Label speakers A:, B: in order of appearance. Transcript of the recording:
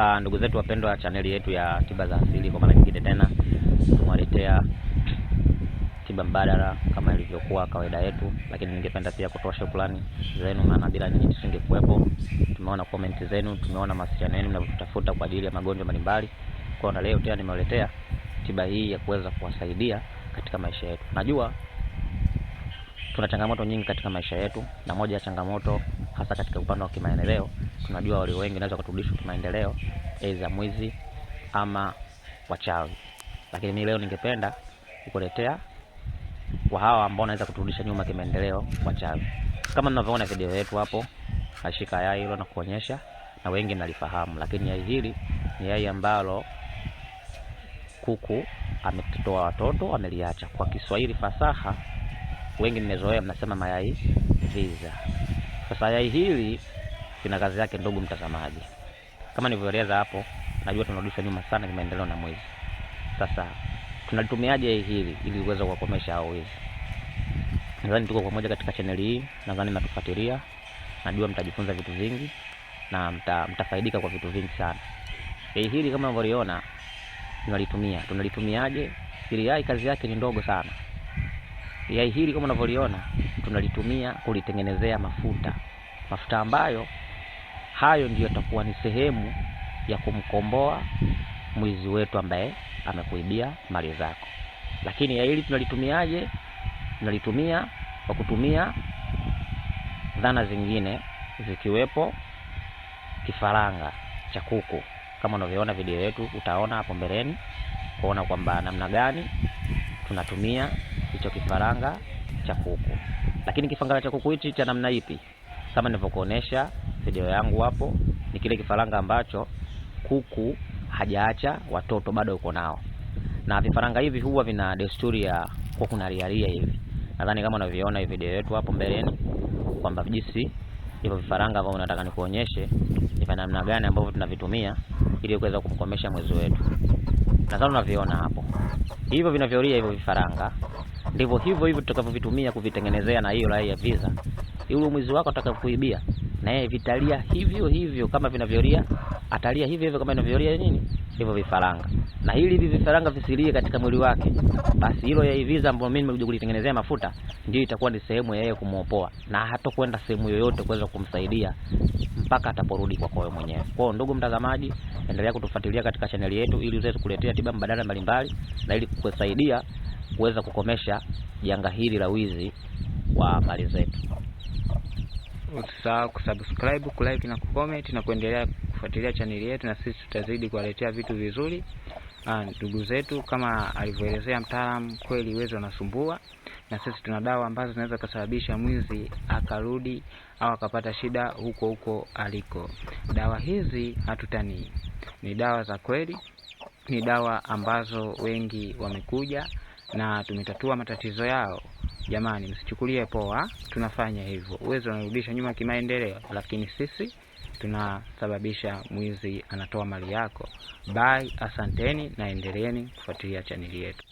A: Uh, ndugu zetu wapendwa, chaneli yetu ya tiba za asili, kwa mara nyingine tena tumewaletea tiba mbadala kama ilivyokuwa kawaida yetu, lakini ningependa pia kutoa shukrani zenu, maana bila nyinyi tusingekuwepo. Tumeona comment zenu, tumeona mawasiliano yenu mnavyotafuta kwa ajili ya magonjwa mbalimbali. Kwa hiyo leo tena nimewaletea tiba hii ya kuweza kuwasaidia katika maisha yetu. Najua tuna changamoto nyingi katika maisha yetu, na moja ya changamoto hasa katika upande wa kimaendeleo. Tunajua walio wengi wanaweza kurudishwa kimaendeleo, aidha mwizi ama wachawi, lakini mimi leo ningependa kukuletea kwa hawa ambao wanaweza kuturudisha nyuma kimaendeleo, wachawi. Kama mnavyoona video yetu hapo, nashika yai hilo na kuonyesha, na wengi mnalifahamu, lakini yai hili ni yai ambalo kuku ametoa watoto ameliacha. Kwa Kiswahili fasaha, wengi mmezoea mnasema mayai viza. Sasa yai hili lina kazi yake ndogo, mtazamaji, kama nilivyoeleza hapo. Najua tunarudisha nyuma sana kimaendeleo na mwezi. Sasa tunalitumiaje yai hili ili uweze kuwakomesha hao wezi? Nadhani tuko pamoja katika chaneli hii, nadhani mnatufuatilia, najua mtajifunza vitu vingi na mta, mtafaidika kwa vitu vingi sana. Yai hili kama mnavyoliona tunalitumia, tunalitumiaje? Ili yai kazi yake ni ndogo sana. Yai hili kama unavyoliona tunalitumia kulitengenezea mafuta, mafuta ambayo hayo ndiyo yatakuwa ni sehemu ya kumkomboa mwizi wetu ambaye amekuibia mali zako. Lakini ya hili tunalitumiaje? Tunalitumia kwa kutumia dhana zingine zikiwepo kifaranga cha kuku. Kama unavyoona video yetu, utaona hapo mbeleni kuona kwamba namna gani tunatumia hicho kifaranga cha kuku. Lakini kifaranga cha kuku hichi cha namna ipi? Kama nilivyokuonesha video yangu hapo, ni kile kifaranga ambacho kuku hajaacha watoto bado yuko nao, na vifaranga hivi huwa vina desturi ya kwa kuna kunariaria hivi. Nadhani kama unaviona hii video yetu hapo mbeleni kwamba jinsi hivyo vifaranga ambavyo nataka nikuonyeshe ni kwa namna gani ambavyo tunavitumia ili kuweza kumkomesha mwezi wetu, nadhani unaviona hapo hivyo vinavyolia hivyo vifaranga, ndivyo hivyo hivyo tutakavyovitumia kuvitengenezea na hiyo rai ya visa, ili mwizi wako atakapokuibia na yeye vitalia hivyo hivyo kama vinavyolia, atalia hivyo hivyo kama inavyolia nini hivyo vifaranga. Na hili hivi vifaranga visilie katika mwili wake, basi hilo yaiviza ambayo mimi nimekuja kulitengenezea mafuta ndio itakuwa ni sehemu ya yeye kumuopoa, na hatakwenda sehemu yoyote kuweza kumsaidia mpaka ataporudi kwa wewe mwenyewe. Kwa hiyo, ndugu mtazamaji, endelea kutufuatilia katika chaneli yetu ili uweze kuletea tiba mbadala mbalimbali na ili kukusaidia kuweza kukomesha janga hili la wizi wa mali zetu.
B: Usisahau kusubscribe, kulike na kucomment na kuendelea kufuatilia chaneli yetu, na sisi tutazidi kuwaletea vitu vizuri ah, ndugu zetu. Kama alivyoelezea mtaalamu, kweli wezi wanasumbua, na sisi tuna dawa ambazo zinaweza kusababisha mwizi akarudi au akapata shida huko huko aliko. Dawa hizi hatutanii, ni dawa za kweli, ni dawa ambazo wengi wamekuja na tumetatua matatizo yao. Jamani, msichukulie poa, tunafanya hivyo. Uwezo unarudisha nyuma kimaendeleo, lakini sisi tunasababisha mwizi anatoa mali yako. Bye, asanteni na endeleeni kufuatilia chaneli yetu.